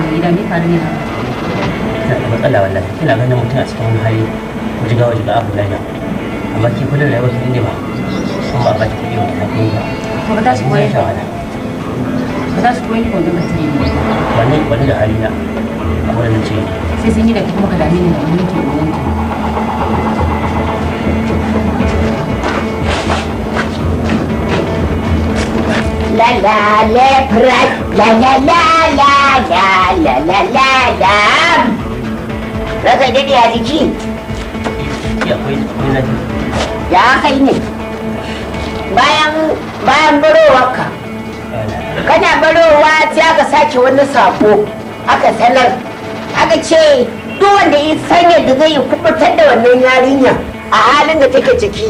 faru ne da faru ne na matsala wallahi kina ganin mutum a cikin wani hali ko jiga wa jiga abu lafiya amma ke kula da rayuwar inda ba kuma ba ki kuɗi wata hakan ba ko ba ta su koyi ba za su koyi ko da ka ne. wani wani da na a wannan ce sai sun yi da kuma ka dame ni da wani ke wani la la la la la la la la la la la la a jiki ya kai ne bayan bayan barowarka kana barowa sai aka sake wani sako aka sanar aka ce duk wanda ya sanya da zai kubutar da wannan yarinya a halin da take ciki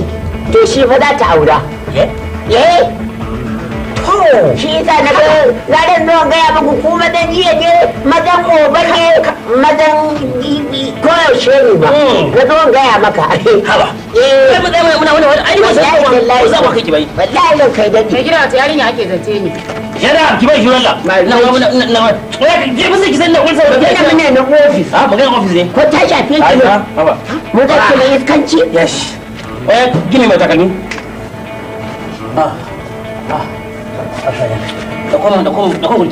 to shi fa za ta aura eh to shi yasa na ga garin nan ga mazan jiya ne mazan oba ne madan koyaushe ne ba ga hmm. zo gaya maka haba eh mu tsaye muna wani wani ainihin sai wallahi za mu kike bai wallahi yau kai dadi mai gida ta yarinya ake zance ne yana ki bai shirin la na wani na wani je musu ki san na kun saboda yana muna na office ah magana office ne ko ta shafe ki ne haba mu da kuma iskanci yes eh gini mai takalmi ah ah, ah da kuma da kuma da kuma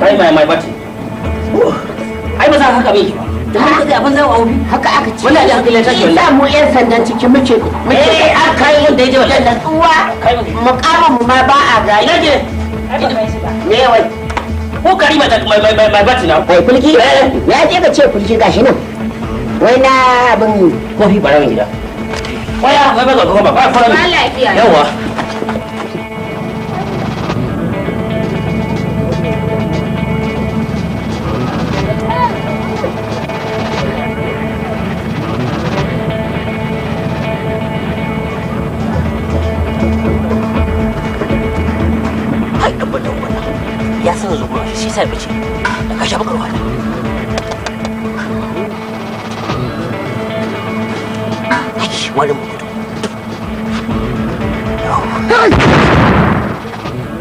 kai mai mai bati ai ba za haka bai da haka ga ban zawo aubi haka aka ce wallahi haka lata ce wallahi mu yan sandan cikin muke muke aka yi da yaje wallahi da tsuwa mukamin mu ma ba a ga yaje me wai ko kari mai mai mai mai bati na kai kulki ya je ka ce kulki gashi nan wai na abin kofi barawin gida waya wai ba ga kuma ba fara yawa sa ya fice da ka sha bakar kwana wani mutu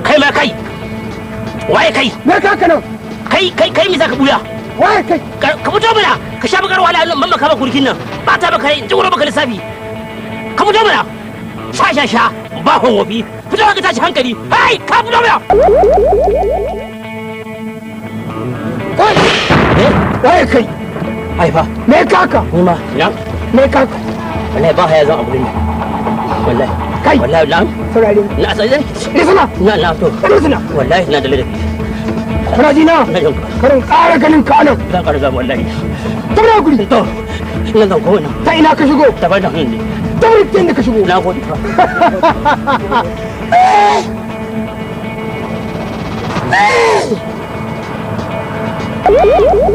kai ma kai waye kai me ka kana kai kai kai me zaka buya waye kai ka fito mana ka sha bakar wala Allah mamma ba kurkin nan ba ta baka in ji baka lissafi ka fito mana sha sha sha ba hawofi fito ka tashi hankali hai ka mana waye kai haifa me kaka ni ma ya me kaka wallahi ba haya zan abu ne wallahi kai wallahi na saurare na saurare ne suna na na to ne suna wallahi na da ladabi kana ji na karin ƙara ganin ka anan zan ƙara zama wallahi tabra guri to ina zan kowa ta ina ka shigo ta bada hannun ne tabra ta ka shigo na gode Hey! Eh!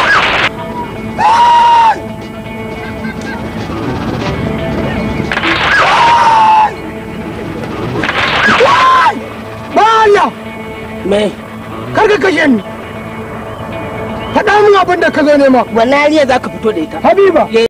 me kar ka kashe ni faɗa min abin da ka zo nema wannan yariya za ka fito da ita habiba